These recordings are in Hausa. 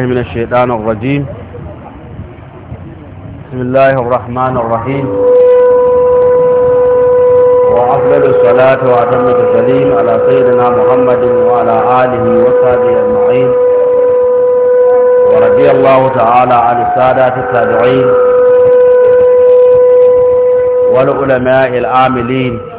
من الشيطان الرجيم بسم الله الرحمن الرحيم وأفضل الصلاة وأتم التسليم على سيدنا محمد وعلى آله وصحبه أجمعين ورضي الله تعالى عن السادات التابعين والعلماء العاملين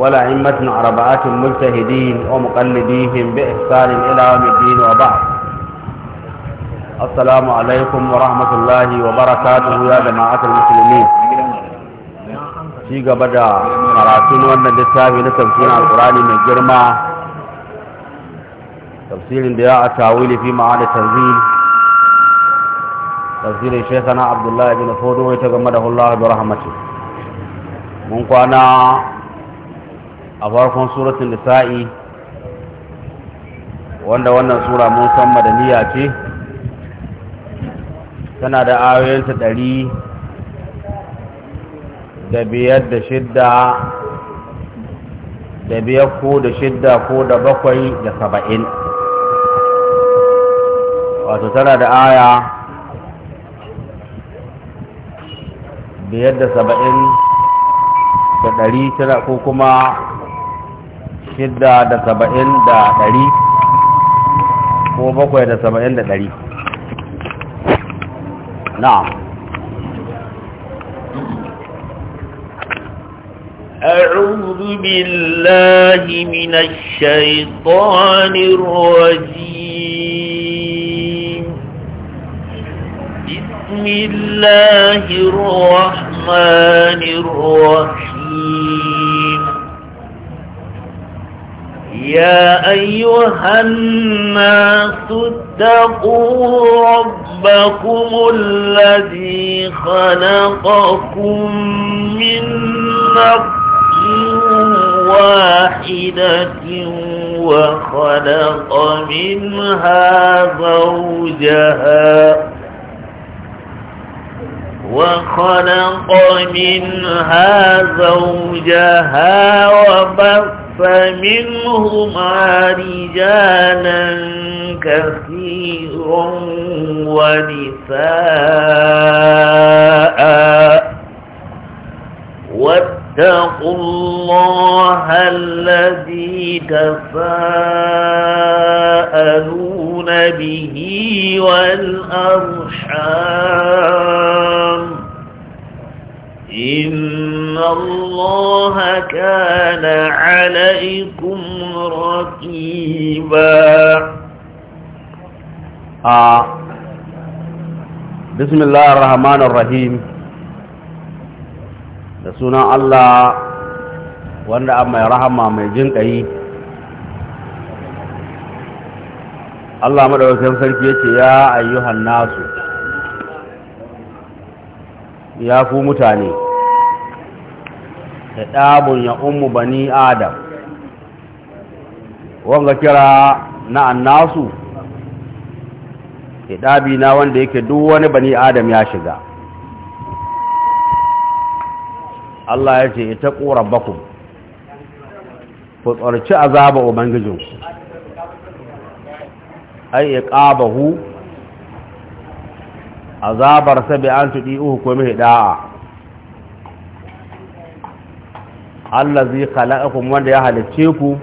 ولا عمتنا عربات الملتهدين ومقلديهم بإحسان إلى يوم الدين وبعد السلام عليكم ورحمة الله وبركاته يا جماعة المسلمين في قبضة قراتين وانا لتابي لتمثيل القرآن من جرمة تفسير انبياء التاويل في معاني التنزيل تفسير شيخنا عبد الله بن فودو يتقمده الله برحمته من قوانا a farkon suratun nisa'i wanda wannan sura mun san madaniya ce tana da ayoyinta ɗari da biyar da shidda da biyar ko da shidda ko da bakwai da saba'in wato tana da aya biyar da saba'in da ɗari tana ko kuma shidda da saba'in da ɗari ko bakwai da saba'in da ɗari na'am أعوذ بالله من الشيطان الرجيم بسم الله الرحمن الرحيم يا أيها الناس اتقوا ربكم الذي خلقكم من نفس واحدة وخلق منها زوجها وخلق منها زوجها وبث فمنهما رجالا كثيرا ونساء واتقوا الله الذي تساءلون به والأرحام إن الله كان عليكم رقيبا آه. da sunan Allah wanda a mai rahama mai jin ƙayi Allah maɗaukakin sarki ya ce ya ayyuhan nasu ya ku mutane khitabun ya ummu bani adam wanga kira na annasu hidabi na wanda yake duk wani bani adam ya shiga Allah ya ce ita ƙoran bakun ku tsarci azaba ubangijinku ai ya ƙabahu azabar sabi an tuɗi uhu kuma Allah zai khalaqakum wanda ya halicce ku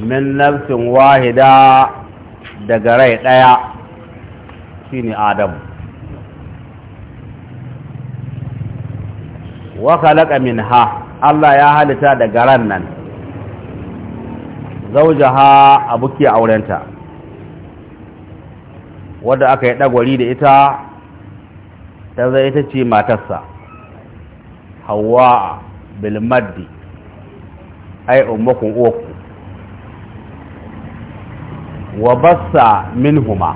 min nafsin wahida daga rai daya shine adam wa khalaqa minha Allah ya halitta daga ran nan zaujaha abuki aurenta wadda aka yi dagwari da ita ta zai ita ce matarsa hawa'a bil ai ay uku, uwaku wa bassa minhuma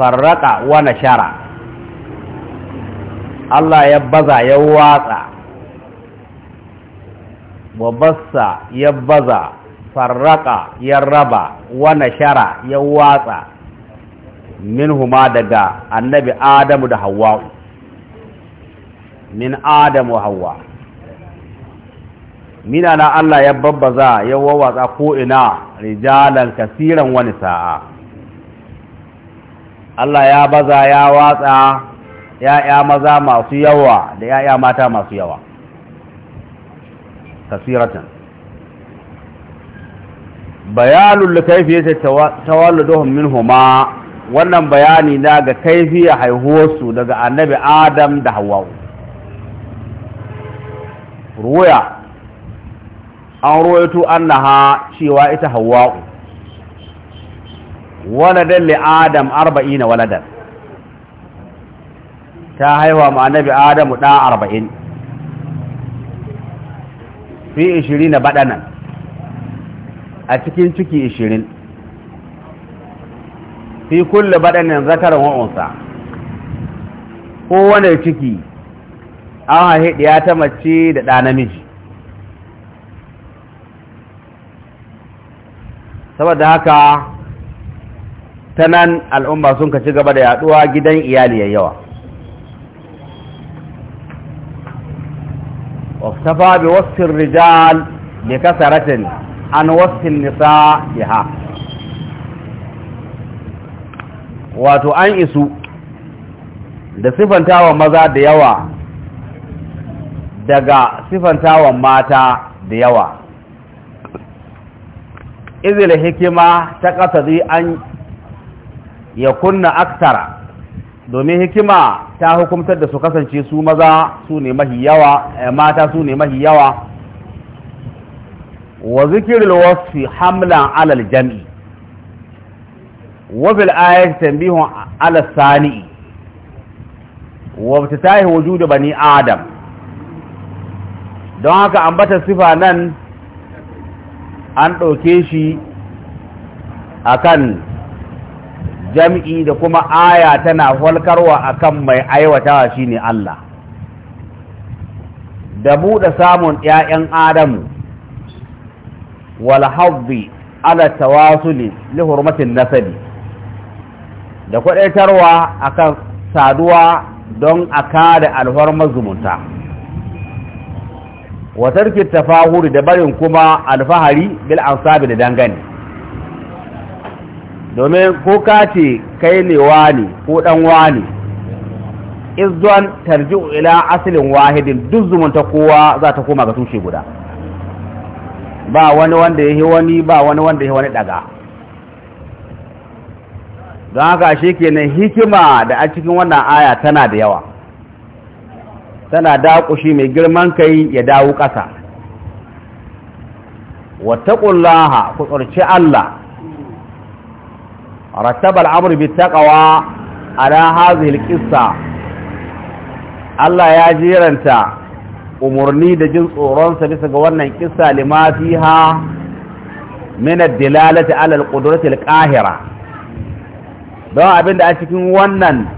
farraqa wa nashara Allah ya baza ya watsa wa bassa ya baza farraka ya raba wa nashara ya watsa minhuma daga annabi adamu da hawwa'u min adam wa hawa mina na Allah ya babbaza ya wawatsa ko ina rijalan kasiran wani sa'a Allah ya baza ya watsa ya'ya maza masu yawa da ya'ya mata masu yawa kasiratan bayanun da kaifiyar tawalluduhun min huma wannan bayani na ga kaifiyar haihuwarsu daga annabi adam da hawa'u ruya an ruwaito annaha cewa ita hawa'u waladan li adam 40 waladan ta haihuwa ma annabi adamu da arba'in fi ishirin na a cikin ciki ishirin fi kulle baɗanan zakaran wa'unsa kowane ciki an haihe ɗiya ta mace da ɗa namiji saboda haka ta nan al'umma sun ka ci gaba da Yaɗuwa gidan iyali yawa waftafa bi wasu rijal kasa kasaratin an wasu nisa biha wato an isu da wa maza da yawa daga sifantawan mata da yawa izil hikima ta ƙasa an ya kunna aktara domin hikima ta hukumtar da su kasance su maza su ne mahi yawa eh, mata su ne mahi yawa wa zikiril hamlan alal jam'i wa bil tambihun tanbihun ala ta wa ibtitahi wujud bani adam don haka bata sifa nan an ɗauke shi a kan jam'i da kuma aya tana falkarwa kan mai aiwatawa ne Allah da buɗe samun ‘ya'yan Adamu walhabbi ala tawasuli li hurmatin nasali da a kan saduwa don a kada alhormar zumunta. wa tarki tafahuri da barin kuma alfahari bil ansabi da dangane domin ko ka ce kai ne wani ko dan wani izuwan tarji'u ila asalin wahidin duk zumunta kowa za ta koma ga tushe guda ba wani wanda ya wani ba wani wanda ya wani daga don haka shi kenan hikima da a cikin wannan aya tana da yawa tana daƙushi mai girman kai ya dawo ƙasa wattaqullaha ku tsorci Allah rattabar al'amr bi taqwa a hadhihi al-qissa Allah ya jiranta umarni da jin tsoronsa bisa ga wannan ƙisa limafi ha min ad-dilalati ala al-qudrati al-qahira don abinda a cikin wannan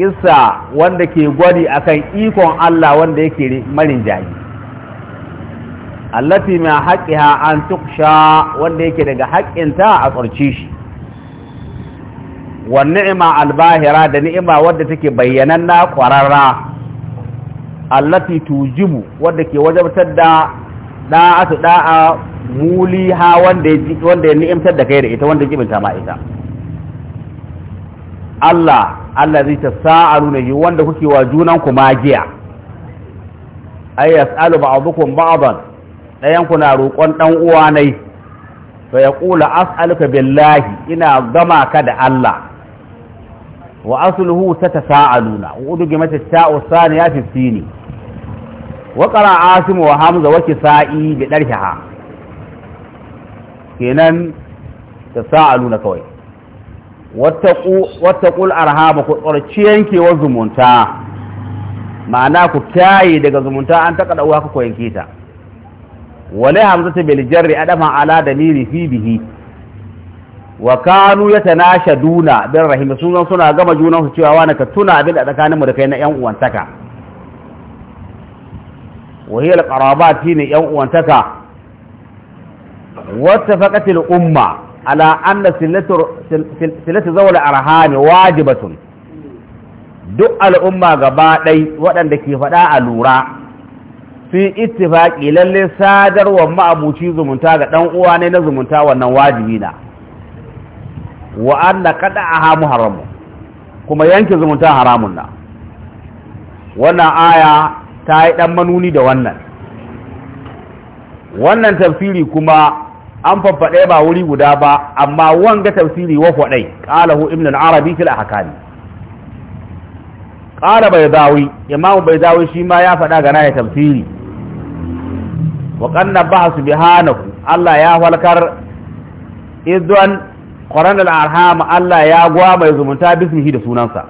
kissa wanda ke gwari akan ikon Allah wanda yake marin jaji. allati ma haqqiha an tuksha wanda yake daga haƙƙinta a tsarci shi wa ni'ma albahira da ni'ima wadda take na kwararra allati tujibu wadda ke wajabtar da da'a muliha wanda wanda ya ni'imtar da kai da ita wanda jibinta ma ita Allah Allah zai ta nuna ne wanda kuke wa junan ku magiya ay yas'alu ba'dukum ba'dan dayan ku na roƙon dan uwa nai fa kula as'aluka billahi ina gama ka da Allah wa asluhu tatasaaluna udugi ta ta'u Sani fi sini wa qara asim wa hamza wa kisa'i bi darhiha kenan tasaaluna kawai wattaqul arhama ku tsorci wa zumunta ma'ana ku kyaye daga zumunta an taka da uwa ku yanke ta wala hamzatu bil jarri adama ala damiri fi bihi wa kanu yatanashaduna bil rahim rahima suna gama junan su cewa wani ka tuna abin da tsakanin mu da kai na yan uwantaka wa hiya al qarabat shine yan uwantaka wattafaqatil umma ala anna silatu zawal arhami wajibatun duk al'umma gaba ɗaya waɗanda ke faɗa a lura sun ittifaqi lallai sadarwar ma'abuci zumunta ga ɗan ne na zumunta wannan wajibi na wa anna qada'aha muharram kuma yanke zumunta haramun na wannan aya ta yi ɗan manuni da wannan wannan tafsiri kuma an faffaɗe ba wuri guda ba amma wanga tafsiri wa faɗai qalahu ibn al-arabi fil ahkam qala baydawi imam baydawi shi ma ya faɗa ga nayi tafsiri wa qanna ba subhanahu Allah ya halkar idan qaran al-arham Allah ya gwa mai zumunta bismihi da sunansa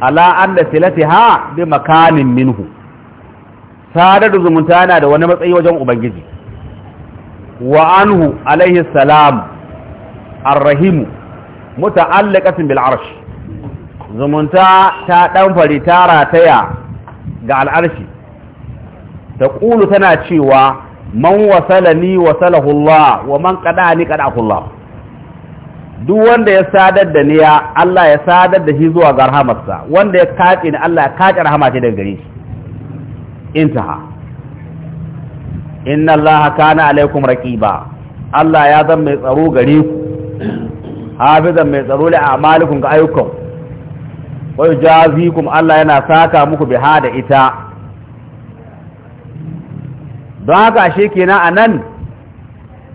ala anna silatiha bi makanin minhu sadar zumunta na da wani matsayi wajen ubangiji wa anhu alaihi salam arrahimu muta'allaqatin bil arsh zumunta ta dan fari ta rataya ga al'arshi ta ƙulu tana cewa man wasala ni wasalahu Allah wa man qada ni qadahu Allah duk wanda ya sadar da niya Allah ya sadar da shi zuwa ga rahamarsa wanda ya kace ni Allah ya kace rahama ce daga gare shi intaha inna allaha kana alaikum raqiba Allah ya zan mai tsaro gare ku hafizan mai tsaro li a'malikum ga ayyukan wa jazikum Allah yana saka muku biha da ita don haka ashe kenan anan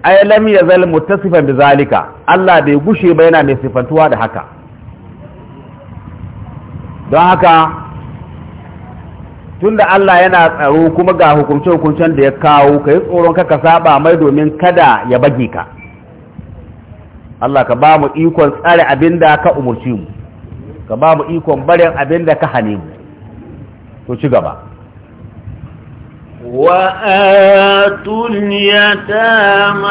ay lam yazal muttasifan bizalika Allah bai gushe ba yana mai sifantuwa da haka don haka tunda Allah yana tsaro kuma ga hukunce hukuncen da ya kawo ka yi tsoron ka saba mai domin kada ya bage ka Allah ka ba mu ikon tsare abin da ka umurci mu ka ba mu ikon barin abin da ka hane mu to ci gaba وآتوا اليتامى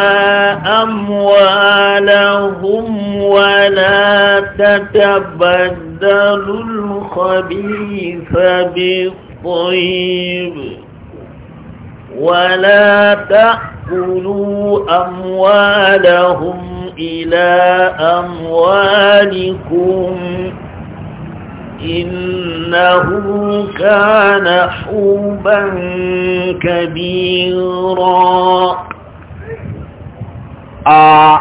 أموالهم ولا تتبدلوا الخبيث بالخبيث الطيب ولا تأكلوا أموالهم إلى أموالكم إنه كان حوبا كبيرا آه.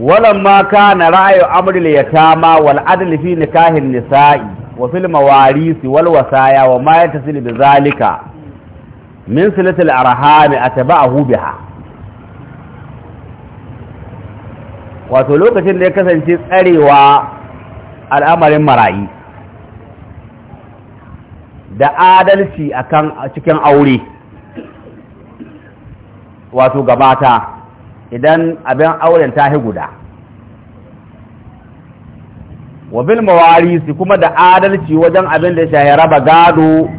ولما كان رأي أمر اليتامى والعدل في نكاه النسائي wa fil mawarisi wal wasaya wa ma yatasil da zalika min silatil arhami a biha wato lokacin da ya kasance tsarewa al'amarin marayi da adalci akan cikin aure wato gabata idan abin auren tahi guda wa bil mawarisi kuma da adalci wajen abin da ya raba gado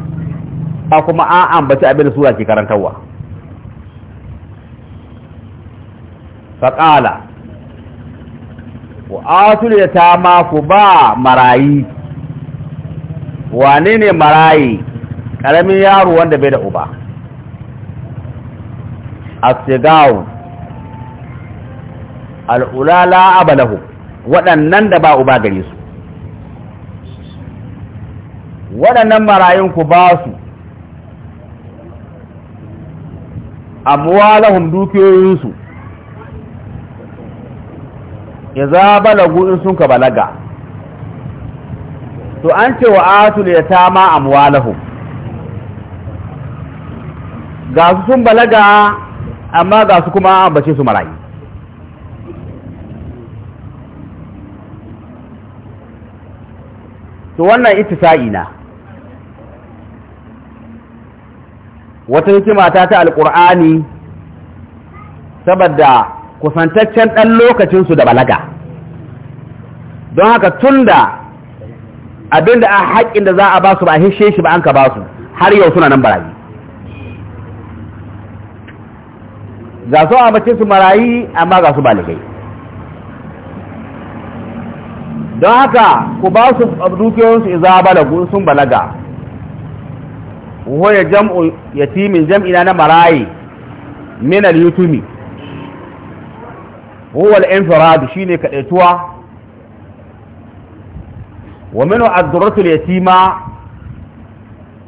ba kuma an ambaci abin da sura ke karantarwa faƙala wa asul ya ta ku ba marayi wane ne marayi ƙaramin yaro wanda bai da uba asigawo al'ulala abalahu waɗannan da ba uba gare su waɗannan marayun ku ba su amwalahum dukiyoyinsu idza balagu in sun ka balaga to an ce wa atul yatama amwalahum ga su sun balaga amma ga su kuma ambace su marayi to wannan ittisa'i ina. wata hikima ta ta alƙur'ani saboda kusantaccen ɗan lokacinsu da balaga don haka tun da abinda a haƙƙin da za a ba ba a hishe shi ba an ka ba har yau suna nan barayi ga su a mace su marayi amma ga su baligai don haka ku ba su dukiyoyinsu iza balagu sun balaga waya jam'u yatimin jam'ina na marayi min al-yutumi huwa al-infirad shine kadaituwa wa min ad-durratul yatima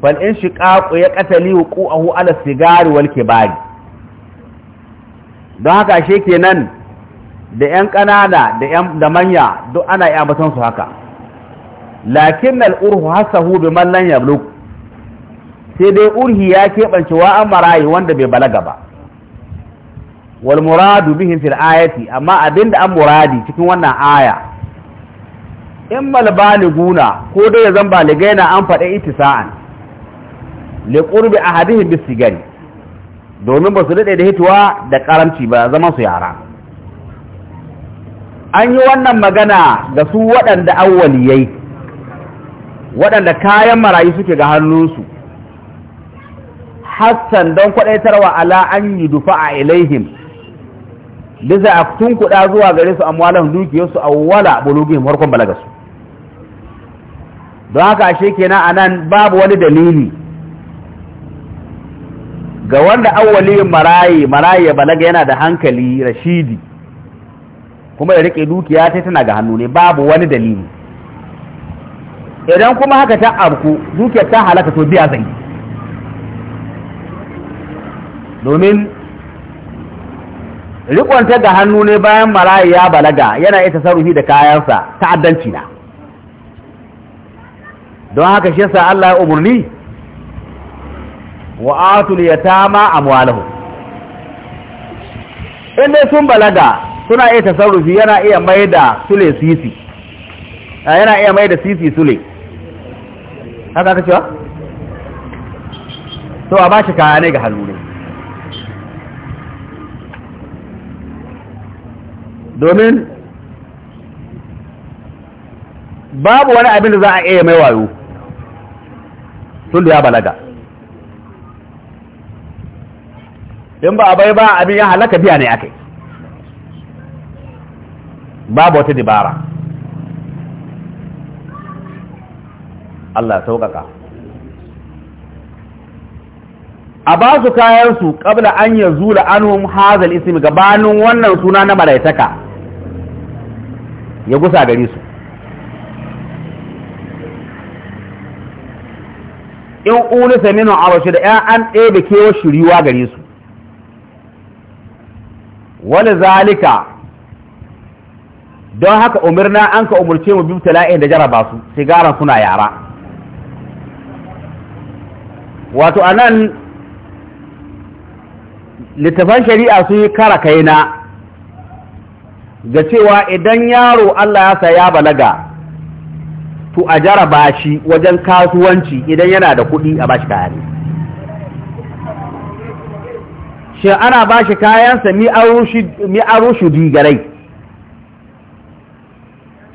fal inshiqaq ya qatali wuquhu ala sigari wal kibari don haka shekenan da yan kanana da manya duk ana yi abatan haka lakin al-urhu hasahu bi man lan sai dai urhi ya keɓance wa an marayi wanda bai balaga ba wal muradu bihin fil ayati amma abinda an muradi cikin wannan aya in mal baliguna ko dai ya zan baligai na an faɗa itisa'an li qurbi ahadihim bis sigari domin ba su daɗe da hituwa da karamci ba zaman su yara an yi wannan magana ga su waɗanda awwaliyai waɗanda kayan marayu suke ga hannunsu hassan don kwadaitarwa ala an yi dufa a ilaihim bisa a tun kuɗa zuwa gare su amwalan su a wala bulugin harkon su don haka ashe kenan a nan babu wani dalili ga wanda awwalin marayi marayi ya balaga yana da hankali rashidi kuma ya rike dukiya ta tana ga hannu ne babu wani dalili idan kuma haka ta abku dukiyar ta halaka to biya zai domin rikonta da hannu ne bayan marayi ya balaga yana ita sarufi da kayansa ta'addanci na don haka shi yasa Allah ya umurni wa atul yatama amwalahu inda sun balaga suna iya tasarrufi yana iya mai da sule sisi yana iya mai da sisi sule haka ka cewa to a ba shi kaya ne ga hannu ne domin babu wani abin da za a iya mai wayo tun da ya balaga in ba a bai ba abin ya halaka biya ne aka babu wata dibara Allah sauƙaƙa a ba su kayansu ƙabla an yanzu da anhum hazal ismi gabanin wannan suna na maraitaka. ya gusa gare su in ulu nuna a da ‘yan an ɗebe kewa shiriwa gare su wani zalika don haka umarna an ka umarce mu biyu tala'in da jaraba su sigaran suna yara wato a nan littafan shari'a sun yi kara kaina ga cewa idan yaro Allah ya sa ya balaga to a jaraba shi wajen kasuwanci idan yana da kuɗi a bashi kaya ne shi ana bashi kayansa mi an rushe digarai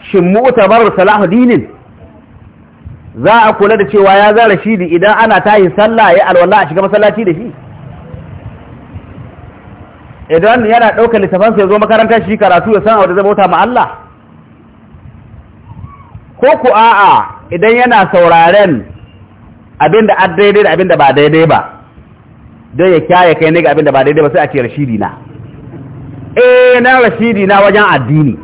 shin mu'tabar salahu dinin za a kula da cewa ya zara shi idan ana tahi sallah ya alwallah a shiga masallaci da shi idan yana ɗauka littafansa ya zo makaranta shi karatu ya san a da zai bauta ma Allah ko ku a'a idan yana sauraren abin da daidai da abin da ba daidai ba don ya kyaye kai ne ga abin da ba daidai ba sai a ce rashidi na eh na rashidi na wajen addini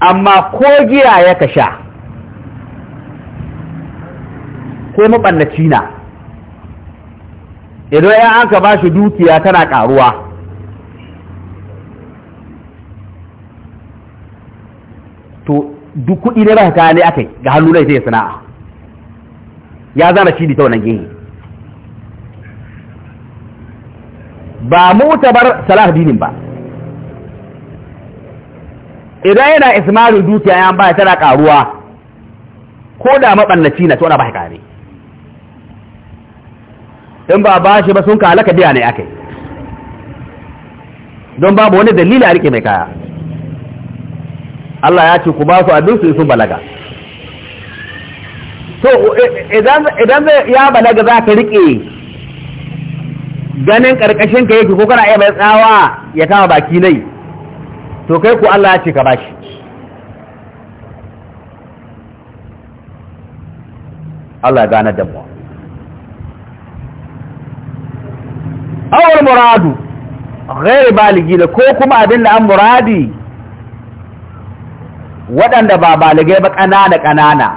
amma ko giya ya kasha ko mabannaci na idan ya aka ba shi dukiya tana karuwa to duk kuɗi ne baka ne aka ga hannu ne sai sana'a ya zana shi ta wannan gini? ba bar salah dinin ba idan yana ismarin dukiya ya ba tana karuwa ko da mabannaci na to ana ba kare in ba ba shi ba sun ka alaka biya ne akai don babu wani dalili a rike mai kaya Allah ya ce ku ba su abin su sun balaga to idan zai ya balaga za ka rike ganin karkashin ka yake ko kana iya mai tsawa ya kama baki nai to kai ku Allah ya ce ka bashi Allah ya gane da mu muradu ghairi baligi da ko kuma abin da an muradi waɗanda ba baligai ba ƙanana ƙanana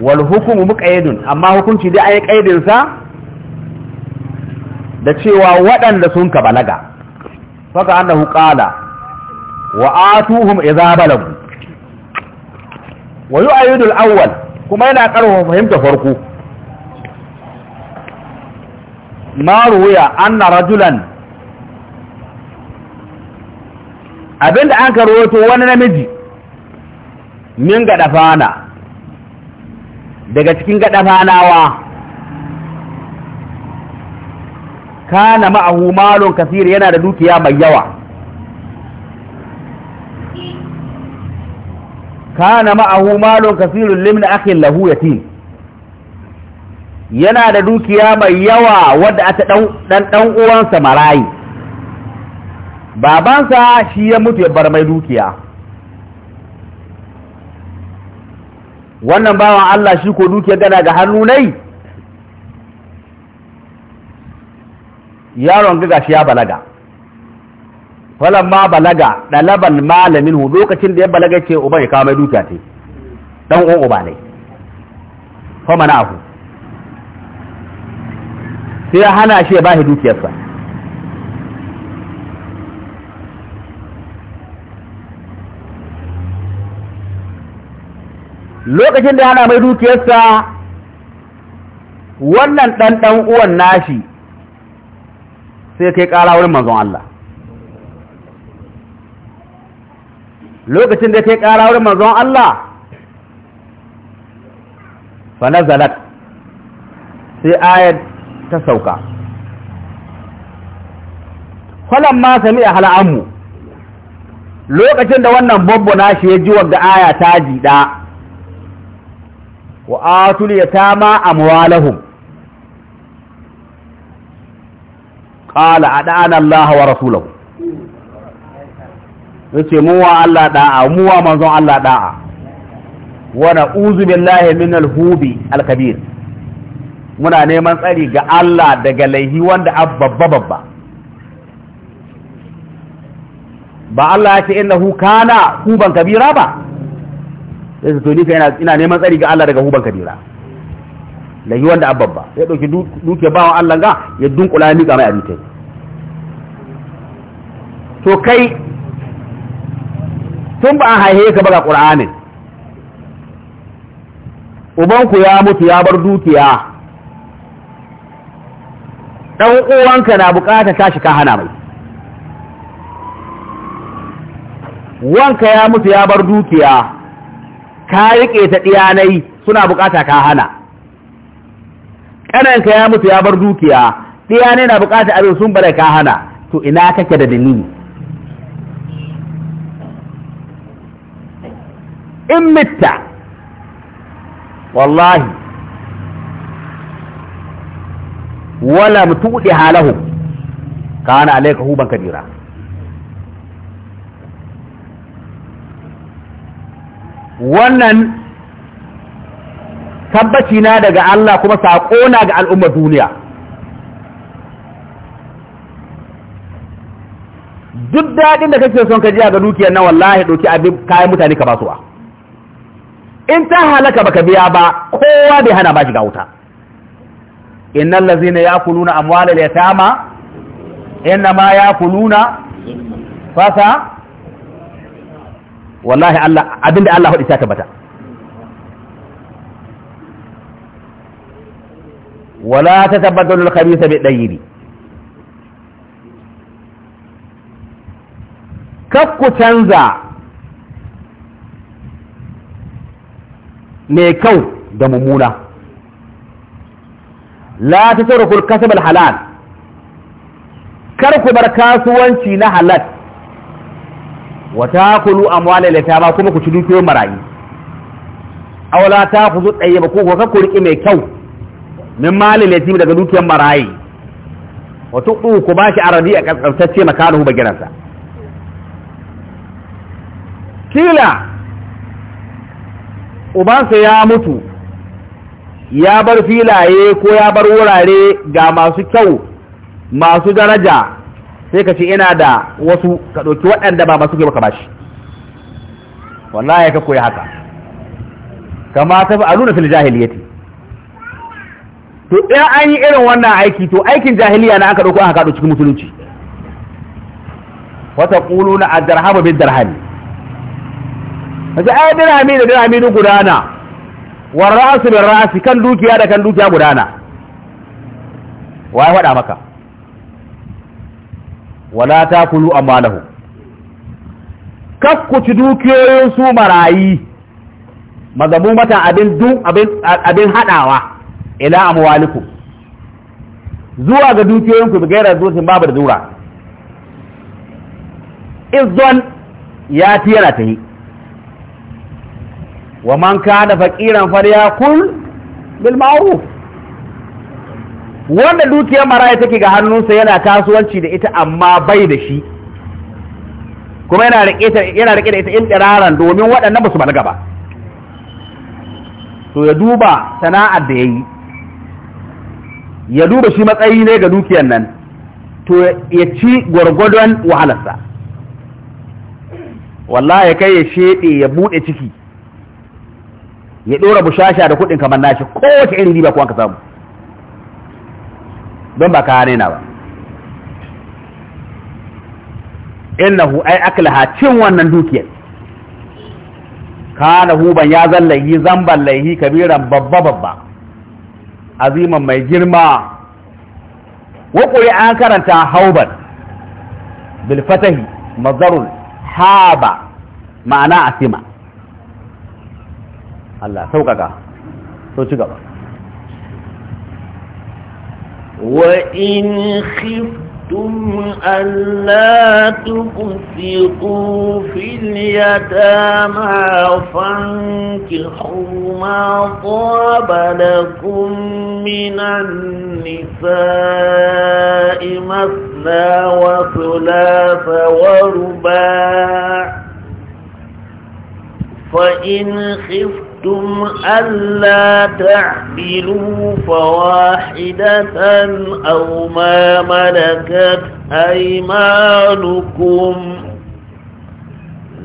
wal hukumu muqayyidun amma hukunci dai ayi kaidin sa da cewa waɗanda sun ka balaga faka annahu qala wa atuhum idza balagu wa yu'ayyidu al-awwal kuma yana karwa fahimta farko ma ruwaya anna rajulan abinda an ka to wani namiji min ga gadafana daga cikin gadafanawa kana ma'ahu malun kasir yana da dukiya mai yawa kana ma'ahu malun kasirun limna akhin lahu yatim yana da dukiya mai yawa wadda ata ɗan ɗan uwansa marayi babansa shi ya mutu ya bar mai dukiya wannan bawan Allah shi ko dukiya gana ga hannu nai yaron ga shi ya balaga Falon ma balaga ɗalaban malamin hu lokacin da ya balaga ce uba ya kawo mai dukiya ce dan uba ne fa mana abu sai ya hana shi ya ba shi dukiyarsa lokacin da hana mai dukiyarsa wannan ɗanɗan uwan nashi sai kai ƙara wurin manzon Allah lokacin da kai ƙara wurin manzon Allah fa nazalat sai ayat ta sauka falan ma sami a hal'ammu lokacin da wannan babbo nashi ya ji wadda aya ta jiɗa wa atul ya tama amwalahum qala adana Allah wa rasulahu yace mu wa Allah ɗa'a mu wa manzon Allah ɗa'a, wa na'uzu billahi min al-hubi al-kabir muna neman tsari ga Allah daga laihi wanda babba babba ba Allah ya ce innahu kana huban kabira ba sai to ni kai ina neman tsari ga Allah daga huban kabira laihi wanda babba sai dauki duke bawa Allah ga ya dunkula ni ga mai abin to kai tun ba a haihe ka ba ga Qur'anin ubanku ya mutu ya bar dukiya ɗan uwanka na bukatar tashi ka hana mai wanka ya mutu ya bar dukiya ka riƙe ta ɗiyanai suna bukata ka hana ƙananka ya mutu ya bar dukiya ɗiyanai na bukata abin sun bare ka hana to ina kake da dini in mitta wallahi wala mutudi halahu kana alayka huban kabira wannan tabbaci na daga Allah kuma sako na ga al'ummar duniya duk daɗin da kake son ka ji ga dukiyar nan wallahi ɗauki abin kayan mutane ka basuwa in ta halaka baka biya ba kowa bai hana ba shiga wuta Inna innal ladzina yakuluna amwalal yatama innama yakuluna fasa wallahi Allah abinda Allah hadi ta tabbata wala tatabaddalu al-khabitha bid-dayyib kakku canza mai kyau da mummuna la ta saurakul kasabal halal kar ku bar kasuwanci na halal wa ta kulu amwala ba kuma ku ci dukiyoyin marayi awla ta ku zu tsaye ba ko ka ku riƙe mai kyau min mali daga dukiyar marayi wa tuqu ku shi aradi a kasantacce ba bagiransa kila ubansa ya mutu ya bar filaye ko ya bar wurare ga masu kyau masu daraja sai ka ce ina da wasu ka ɗauki waɗanda ba masu kyau ka bashi wallahi ka koyi haka kama ta fi aluna fil jahiliyati to ɗaya an yi irin wannan aiki to aikin jahiliya na aka ɗauko aka kaɗo cikin musulunci wata ƙulu na a darhama bin darhami. Kaga ai dirhami da dirhami duk gudana war ra'su bil ra'si kan dukiya da kan dukiya gudana wa ya faɗa maka wala takulu amalahu kakku ci dukiyoyin su marayi mata abin dun abin abin hadawa ila amwalikum zuwa ga dukiyoyinku bi gairar zucin babu da zura izon ya ti yana ta yi wa man kana faqiran falyakul bil ma'ruf wanda dukiyar maraya take ga hannunsa yana kasuwanci da ita amma bai da shi kuma yana rike ta yana rike da ita in domin waɗannan ba su balaga ba to ya duba sana'ar da yayi ya duba shi matsayi ne ga dukiyar nan to ya ci gwargwadon wahalarsa wallahi kai ya shede ya bude ciki ya dora bushasha da kuɗin kamar nashi wace irin riba kuwa ka samu don ba ka na ba innahu ai aklaha cin wannan dukiyar kana huban ya zallahi zamban laihi kabiran babba babba aziman mai girma wa an karanta hauban bil fatahi mazarul haba ma'ana asima Allah sauƙaƙa so ci gaba وإن خفتم ألا تقسطوا في اليتامى فانكحوا ما طاب لكم من النساء مثنى وثلاث ورباع فإن خفتم خفتم ألا تعدلوا فواحدة أو ما ملكت أيمانكم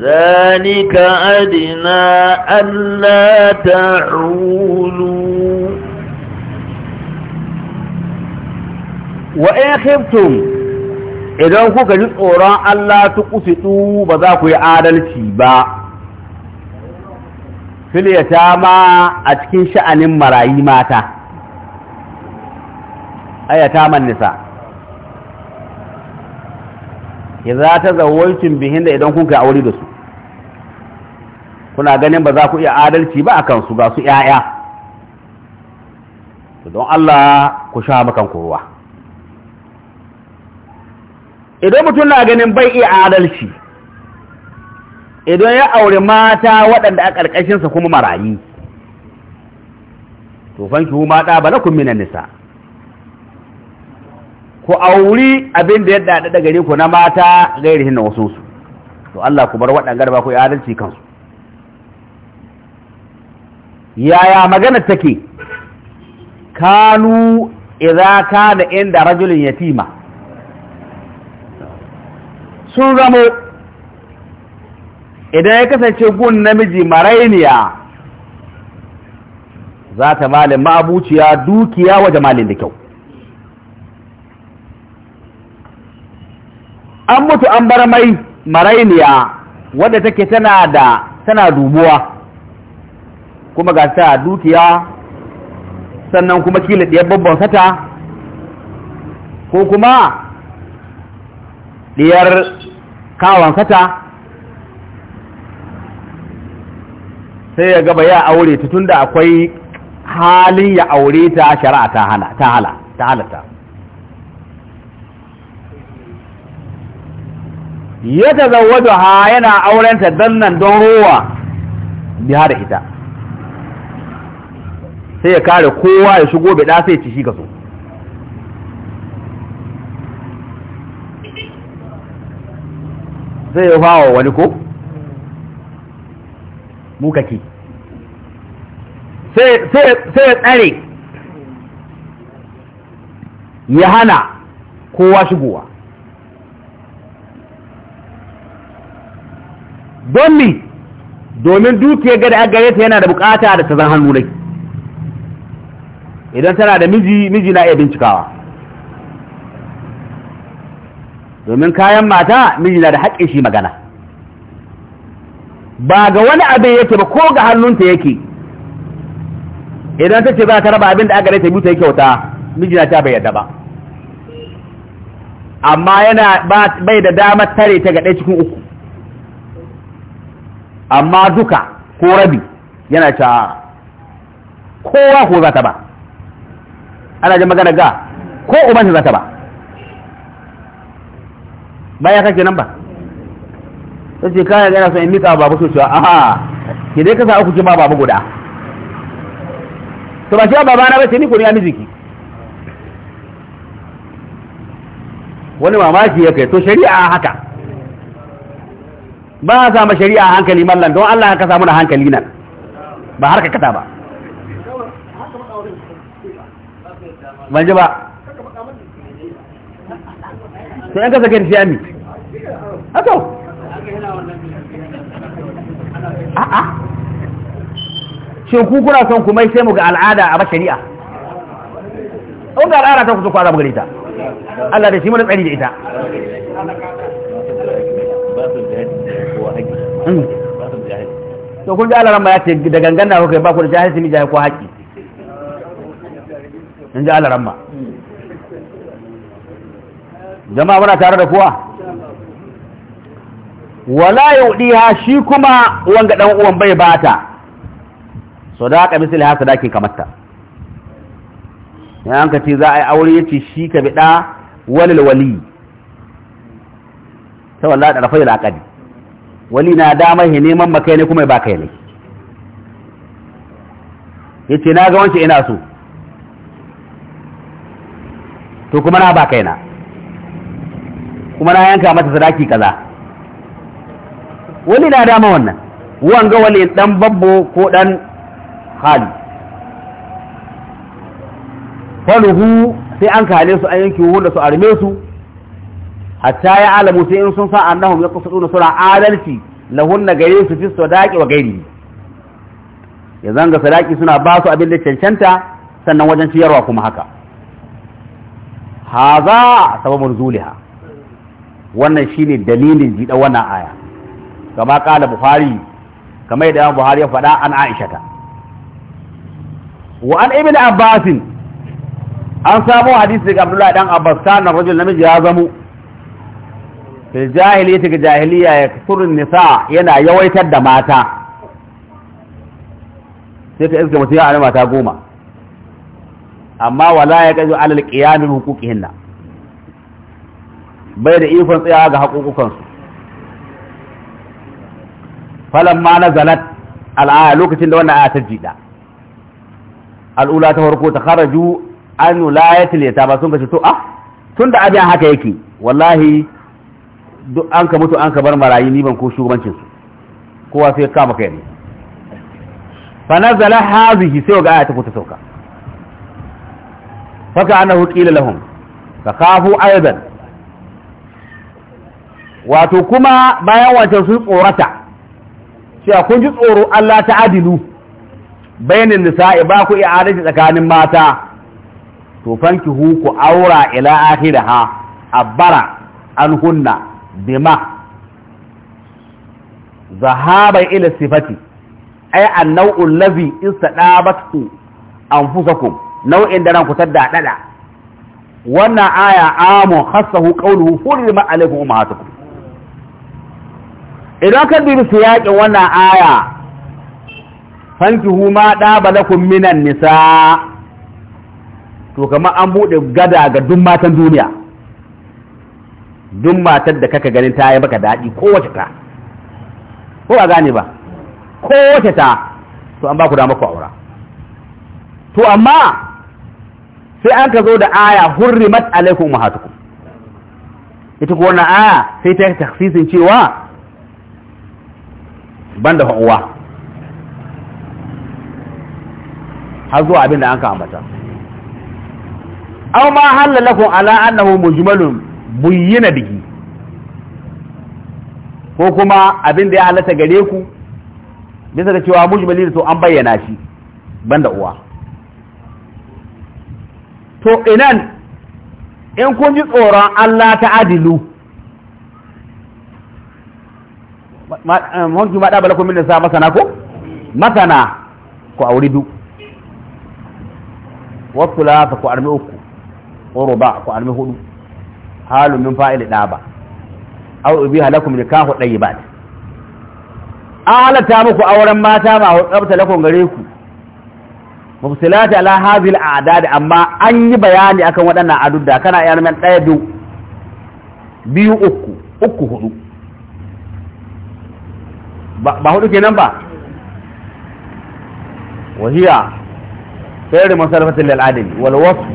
ذلك أدنى ألا تعولوا وإن خفتم idan kuka ji tsoron Allah ta kusitu ba za ku yi adalci ba ta ma a cikin sha'anin marayi mata ayata man nisa za ta zawarcin bihin da idan kuka aure da su kuna ganin ba za ku iya adalci ba a kansu ga su ‘ya'ya don Allah ku sha makan ruwa idan mutum na ganin bai iya adalci idan ya aure mata waɗanda a ƙarƙashinsa kuma marayi to fanki hu na balakun minan nisa ku auri abin da ya daɗa da ku na mata gairihin na wasu su to Allah ku bar waɗanda ba ku adalci kansu yaya maganar take kanu idza da inda rajulin yatima sun zamo idan ya kasance gun namiji marainiya za ta malin ma'abuciya dukiya waje malin da kyau an mutu an bar mai marainiya wadda take tana da tana dubuwa kuma ga ta dukiya sannan kuma kila ɗiyar babban sata ko kuma ɗiyar kawan sata sai ya gaba ya aure ta tunda akwai halin ya aure ta shari'a ta hala ta hala ta halata ya tazawwaju ha yana aurenta ta nan don ruwa biya da ita sai ya kare kowa ya shigo bida sai ci shi kaso sai ya fawa wani ko mu sai ya tsare ya hana kowa shigowa don mi domin dukiyar gada a gare ta yana da bukata da ta zan hannu rai idan tana da miji miji na iya bincikawa domin kayan mata miji na da haƙƙin shi magana ba ga wani abin yake ba ko ga hannunta yake idan ta ce za ta raba abin da aka ta biyu ta yi kyauta mijina ta bai yadda ba amma yana bai da damar tare ta ga ɗaya cikin uku amma duka ko rabi yana ta kowa ko za ta ba ana jin magana ga ko umarci za ta ba baya kake nan ba ta ce kayan yana son in mika babu so cewa aha ke dai kasa sa uku ba babu guda to ba cewa baba na bace ni ko ni ya miziki wani mamaki ya kai to shari'a haka ba a sama shari'a hankali mallan don Allah ka samu da hankali nan ba har ka kata ba ban ji ba To an ka sake da shi ami a a'a shin ku kuna son kuma sai mu ga al'ada a bashari'a wanda al'ada ta ku kwa zamu gare ta Allah da shi mu tsari da ita hmm. to kun ji Allah ran ya ce da gangan da kuka ba ku da jahilci ni jahil ko haƙi in ji Allah ran jama'a muna tare da kowa wala yudiha shi kuma wanga dan uwan bai bata sadaqa misali ha sadakin kamata yan ka ce za a yi aure yace shi ka bida walil wali sai wallahi da rafai alaqadi wali na dama he neman makai ne kuma ba kai ne yace na ga wance ina so to kuma na ba na? kuma na yanka mata sadaki kaza wani na dama wannan wanga wani dan babbo ko dan hali faluhu sai an kale su an yanki wuhun su a su hatta ya alamu sai in sun sa annahum ya kusa sura adalci lahunna gare su fi sadaqi wa gairi ya zanga sadaqi suna ba su abin da cancanta sannan wajen ciyarwa kuma haka haza sababun zuliha wannan shine dalilin jida wannan aya kama kala buhari kama yadda buhari ya faɗa an aishata wa an ibn abbasin an samu hadisi daga abdullahi dan abbas kana rajul namiji ya zamo fil jahiliyyati ga jahiliya ya kasurun nisa yana yawaitar da mata sai ka iska mutum ya ana mata goma amma wala ya kazo alal qiyamin huquqihinna bai da ikon tsayawa ga haƙoƙukansu na nazalat al'aya lokacin da wannan aya ta jiɗa al'ula ta farko ta kharaju an wilayatil yatama sun kace to ah da abin haka yake wallahi duk an ka mutu an ka bar marayu ni ban ko shugabancin su kowa sai kama kai ne fa nazala hazihi sai ga aya ta kuta sauka faka annahu qila lahum fakafu aidan wato kuma bayan wancan su tsorata cewa kun ji tsoro Allah ta adilu bayanin nisa'i ba ku iya adalci tsakanin mata to fanki hu ku aura ila akhiraha bara, an hunna bima zahaba ila sifati ay an-naw'u allazi istadabatu anfusakum nau'in da ranku tadda dada wannan aya amun khassahu qawluhu furima alaykum ummahatukum idan ka dubi su yaƙin wannan aya fankihu ma ɗaba na minan nisa to kamar an buɗe gada ga duk matan duniya duk matan da kaka ganin ta yi baka daɗi kowace ta ko ba gane ba kowace ta to an ba ku dama ku aura to amma sai an ka zo da aya hurrimat alaikum mahatukum ita ko wannan aya sai ta yi taksisin cewa banda uwa har zuwa abin da an ka ambata aw ma halalakum ala annahu mujmalun buyyina bihi ko kuma abin da ya halata gare ku bisa da cewa mujmali da to an bayyana shi banda uwa to inan in kun ji tsoron Allah ta adilu wanki ma eh, ɗabala kuma sa masana ko masana ku auri du wasu lafa ku armi uku oro ba ku armi hudu halin min fa'ili ɗaba au ibi halakum da kahu ɗayi ba an halatta muku auren mata ba ku tsabta lakon gare ku mufsilati ala hadhihi al'adad amma an yi bayani akan waɗannan adudda kana iya nan ɗaya biyu biyu uku uku hudu ba hudu kenan ba wahiya sayar masarfatin lil'adami wal wasu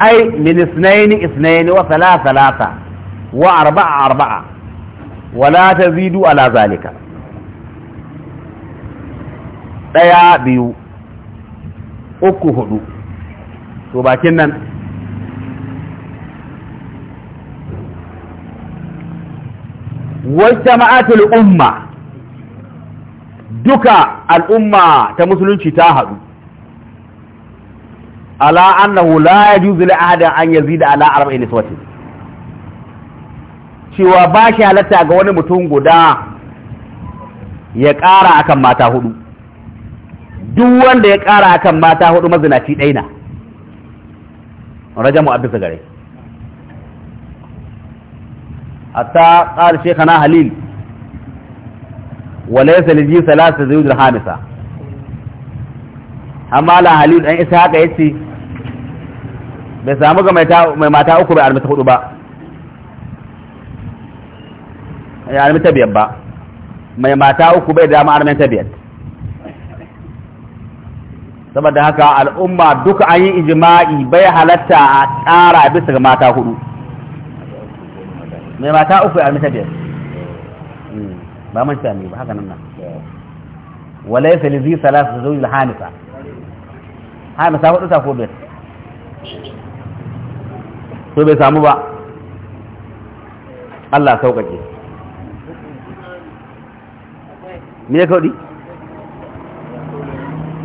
ai min isnaini isnaini wa salasa salasa wa arba'a arba'a wala tazidu ala zalika daya biyu uku hudu to bakin nan wajtama'atul umma duka al'umma ta musulunci ta haɗu ala annahu la yajuzu li ahadin an yazida ala arba'in niswatin cewa ba shi halatta ga wani mutum guda ya ƙara akan mata hudu duk wanda ya ƙara akan mata hudu mazinaci ɗai na rajamu abisa gare hatta ƙar shekana halil وليس لذي ثلاثة da الخامسة amma la halilu dan isa haka yace bai samu ga mai mata uku bai almata hudu biyar ba mai mata uku bai dama almata biyar saboda haka al'umma duka an yi ijma'i bai halatta a tsara bisa ga mata hudu mai mata uku ya almata biyar ba man shami ba haka nan nan walaysa lizi salasu zawjul hanifa hanisa hudu ta ko to bai samu ba Allah sauƙaƙe me ya kaudi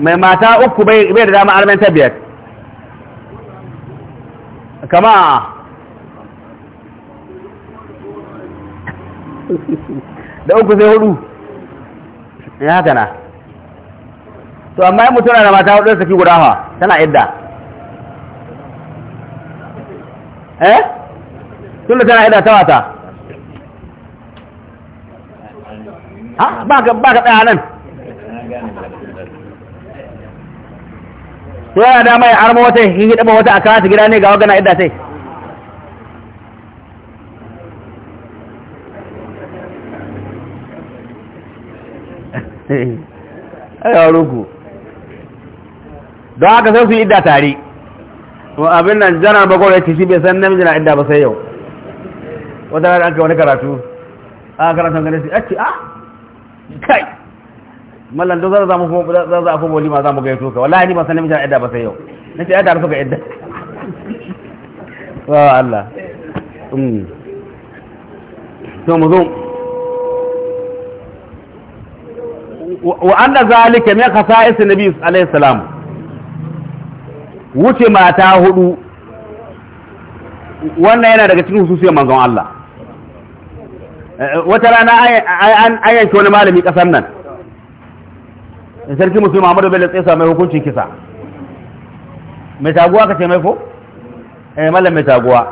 mai mata uku bai da dama armen tabiat kama da uku sai hudu ya haka na to amma yin mutuna da mata hudu saki guda hawa tana idda eh da tana idda ta wata ha ba ka tsaya nan to yana dama ya arma wata yi hidaba wata a kawata gida ne ga wagana idda sai Eh. ai ruku don haka sai su yi idda tare abin nan janar bakwai ya ce shi bai san namiji na idda ba sai yau wata rana an kai wani karatu a karatun ganin su ce a kai mallan don za mu za a boli ma za mu gaito ka wallahi ni ba san namiji na idda ba sai yau na ce ya tare suka idda wa Allah mm. to mu zo wa anna zalika min khasa'is nabi alaihi salam wuce mata hudu wannan yana daga cikin hususiyar manzon Allah eh, wata rana an ayyanke wani malami kasan nan eh, sarki musulmi Muhammadu Bello tsaye mai hukuncin kisa mai taguwa ka ce mai ko eh mallam mai taguwa